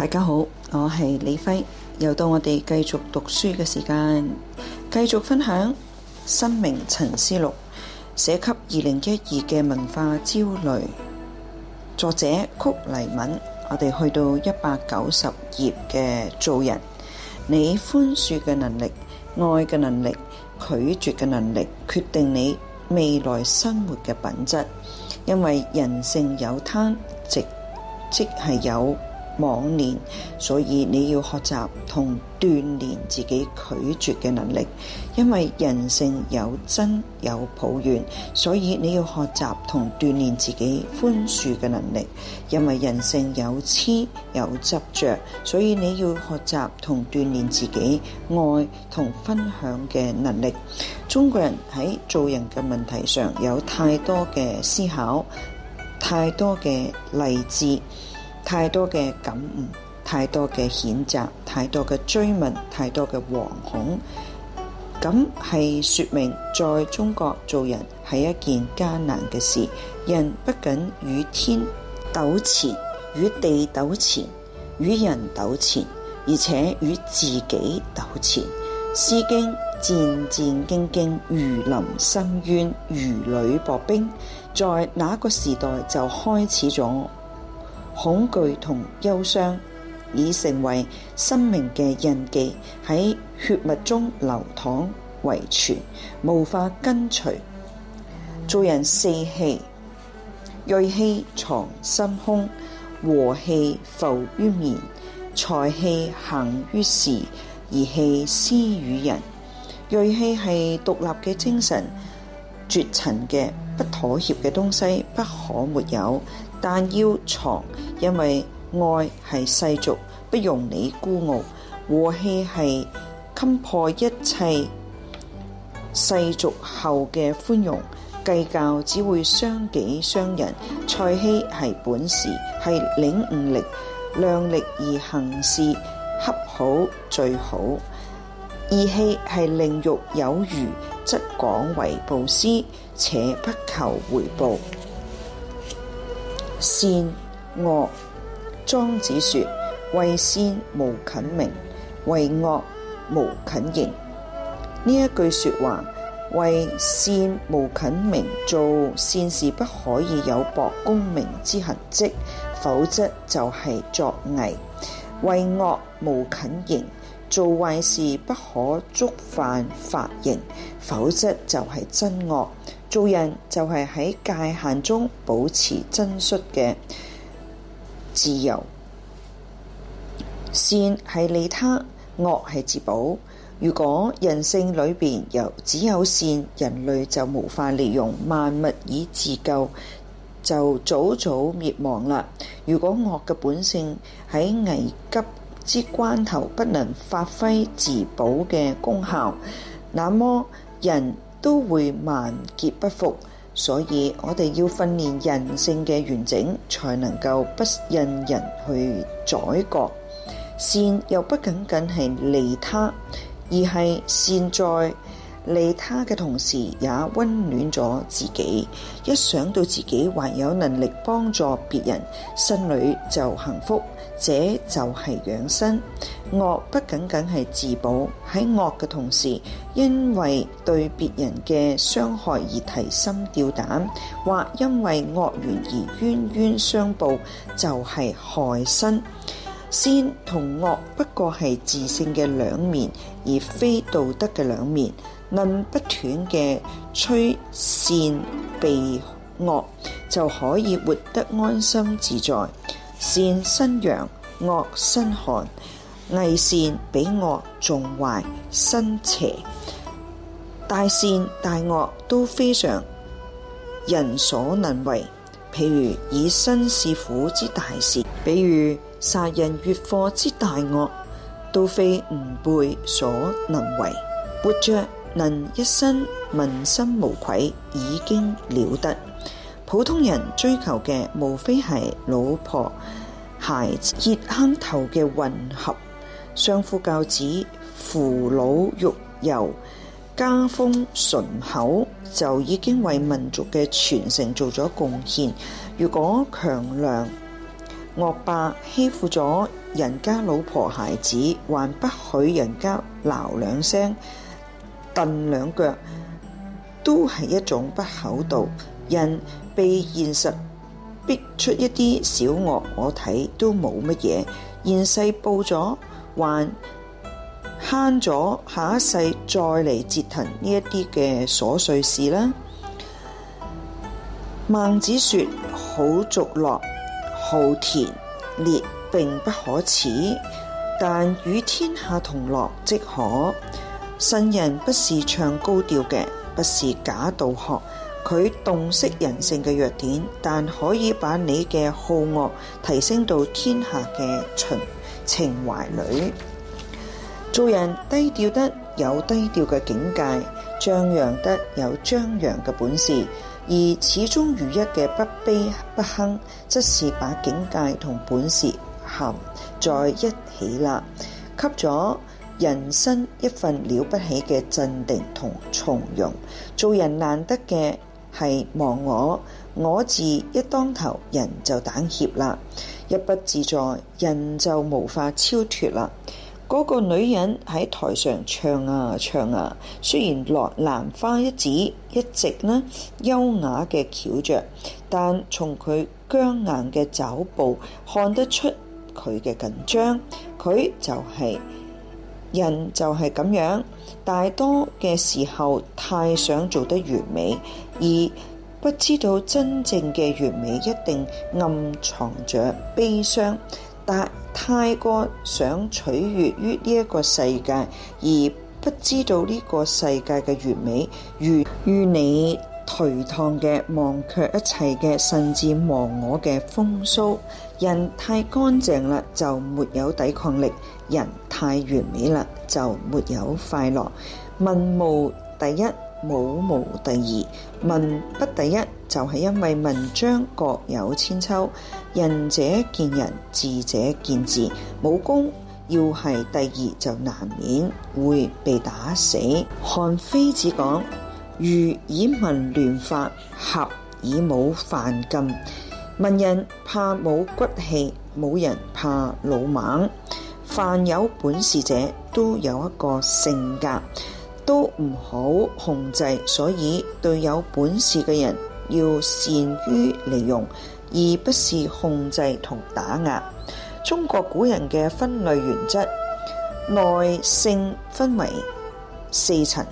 大家好，我係李輝，又到我哋繼續讀書嘅時間，繼續分享《生命沉思錄》寫給二零一二嘅文化焦慮，作者曲黎敏。我哋去到一百九十頁嘅做人，你寬恕嘅能力、愛嘅能力、拒絕嘅能力，決定你未來生活嘅品質。因為人性有貪，即即係有。網年，所以你要學習同鍛煉自己拒絕嘅能力。因為人性有爭，有抱怨，所以你要學習同鍛煉自己寬恕嘅能力。因為人性有痴，有執着，所以你要學習同鍛煉自己愛同分享嘅能力。中國人喺做人嘅問題上，有太多嘅思考，太多嘅勵志。太多嘅感悟，太多嘅譴責，太多嘅追問，太多嘅惶恐，咁係說明，在中國做人係一件艱難嘅事。人不僅與天鬥纏，與地鬥纏，與人鬥纏，而且與自己鬥纏，《詩經》戰戰兢兢，如臨深淵，如履薄冰，在那個時代就開始咗。恐懼同憂傷已成為生命嘅印記，喺血脈中流淌遺傳，無法根除。做人四氣：銳氣藏心胸，和氣浮於面，才氣行於事，義氣施於人。銳氣係獨立嘅精神，絕塵嘅，不妥協嘅東西，不可沒有。但要藏，因為愛係世俗，不容你孤傲。和氣係堪破一切世俗後嘅寬容，計較只會傷己傷人。才氣係本事，係領悟力、量力而行事，恰好最好。義氣係令欲有餘，則廣為布施，且不求回報。善惡，莊子說：為善無近名，為惡無近刑。呢一句說話，為善無近名，做善事不可以有博功名之痕跡，否則就係作偽；為惡無近刑，做壞事不可觸犯法刑，否則就係真惡。做人就係喺界限中保持真率嘅自由。善係利他，惡係自保。如果人性裏邊有只有善，人類就無法利用萬物以自救，就早早滅亡啦。如果惡嘅本性喺危急之關頭不能發揮自保嘅功效，那麼人。都會萬劫不復，所以我哋要訓練人性嘅完整，才能夠不任人去宰割。善又不僅僅係利他，而係善在利他嘅同時，也温暖咗自己。一想到自己還有能力幫助別人，心裏就幸福。這就係養生。惡不僅僅係自保，喺惡嘅同時，因為對別人嘅傷害而提心吊膽，或因為惡緣而冤冤相報，就係、是、害身。善同惡不過係自性嘅兩面，而非道德嘅兩面。能不斷嘅趨善避惡，就可以活得安心自在。善生陽，惡生寒。偽善比惡仲壞，生邪。大善大惡都非常人所能為，譬如以身飼虎之大善，比如殺人越貨之大惡，都非吾輩所能為。活着能一生問心無愧，已經了得。普通人追求嘅無非係老婆、孩子、熱炕頭嘅混合，相夫教子、扶老育幼、家風淳厚，就已經為民族嘅傳承做咗貢獻。如果強梁、惡霸欺負咗人家老婆、孩子，還不許人家鬧兩聲、蹬兩腳，都係一種不厚道人。被現實逼出一啲小惡，我睇都冇乜嘢。現世報咗，還慳咗下一世再嚟折騰呢一啲嘅瑣碎事啦。孟子說：好俗樂，好田獵並不可恥，但與天下同樂即可。信人不是唱高調嘅，不是假道學。佢洞悉人性嘅弱點，但可以把你嘅好惡提升到天下嘅情情懷裏。做人低調得有低調嘅境界，張揚得有張揚嘅本事，而始終如一嘅不卑不亢，則是把境界同本事含在一起啦，給咗人生一份了不起嘅鎮定同從容。做人難得嘅。係忘我，我字一當頭，人就膽怯啦；一不自在，人就無法超脱啦。嗰、那個女人喺台上唱啊唱啊，雖然落蘭花一指，一直呢優雅嘅翹着，但從佢僵硬嘅走步，看得出佢嘅緊張。佢就係、是。人就係咁樣，大多嘅時候太想做得完美，而不知道真正嘅完美一定暗藏着悲傷。但太過想取悅於呢一個世界，而不知道呢個世界嘅完美，于於你。頹唐嘅忘卻一切嘅甚至忘我嘅風騷。人太乾淨啦就沒有抵抗力，人太完美啦就沒有快樂。文無第一，武無第二。文不第一就係因為文章各有千秋，仁者見仁，智者見智。武功要係第二就難免會被打死。韓非子講。如以文亂法，合以武犯禁。文人怕冇骨氣，武人怕老猛。凡有本事者，都有一個性格，都唔好控制。所以對有本事嘅人，要善於利用，而不是控制同打壓。中國古人嘅分類原則，內性分為四層。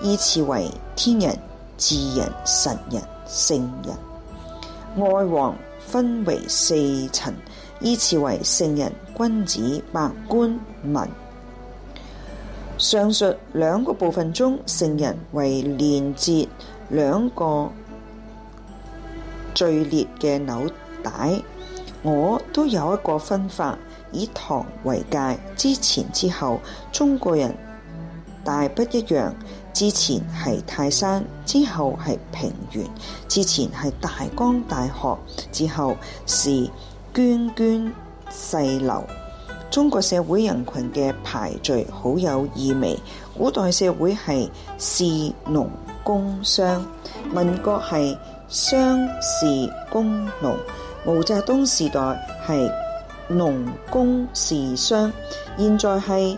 依次為天人、智人、神人、聖人。外王分為四層，依次為聖人、君子、百官、民。上述兩個部分中，聖人為連接兩個序列嘅紐帶。我都有一個分法，以唐為界，之前之後，中國人大不一樣。之前係泰山，之後係平原；之前係大江大河，之後是涓涓細流。中國社會人群嘅排序好有意味。古代社會係士農工商，民國係商士工農，毛澤東時代係農工士商，現在係。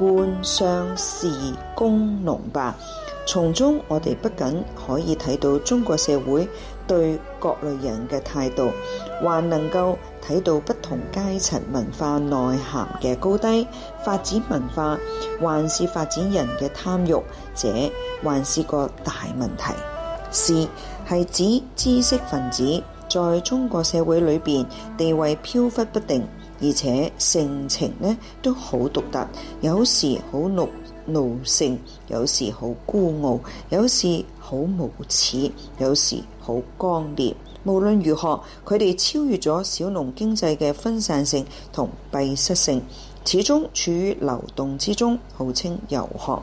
官、商、士、工、農吧，從中我哋不僅可以睇到中國社會對各類人嘅態度，還能夠睇到不同階層文化內涵嘅高低，發展文化還是發展人嘅貪欲，這還是個大問題。士係指知識分子，在中國社會裏邊地位飄忽不定。而且性情呢都好獨特，有時好怒怒性，有時好孤傲，有時好無恥，有時好剛烈。無論如何，佢哋超越咗小農經濟嘅分散性同閉塞性，始終處於流動之中，號稱遊學。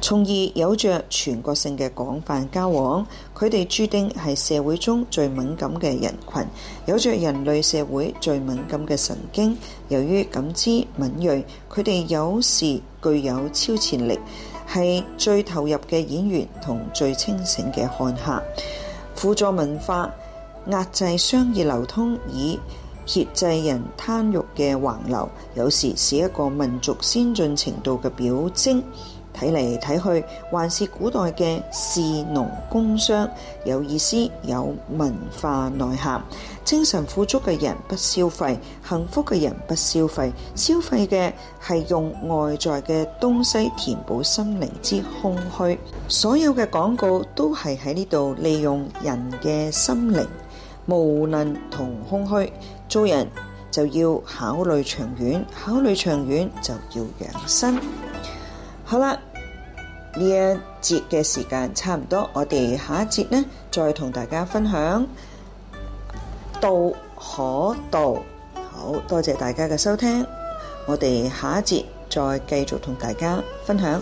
從而有着全國性嘅廣泛交往，佢哋註定係社會中最敏感嘅人群，有着人類社會最敏感嘅神經。由於感知敏鋭，佢哋有時具有超前力，係最投入嘅演員同最清醒嘅看客。輔助文化壓制商業流通，以遏制人貪欲嘅橫流，有時是一個民族先進程度嘅表徵。睇嚟睇去，還是古代嘅士農工商有意思，有文化內涵。精神富足嘅人不消費，幸福嘅人不消費，消費嘅係用外在嘅東西填補心靈之空虛。所有嘅廣告都係喺呢度利用人嘅心靈無論同空虛。做人就要考慮長遠，考慮長遠就要養生。好啦，呢一節嘅時間差唔多，我哋下一節呢再同大家分享道可道。好多謝大家嘅收聽，我哋下一節再繼續同大家分享。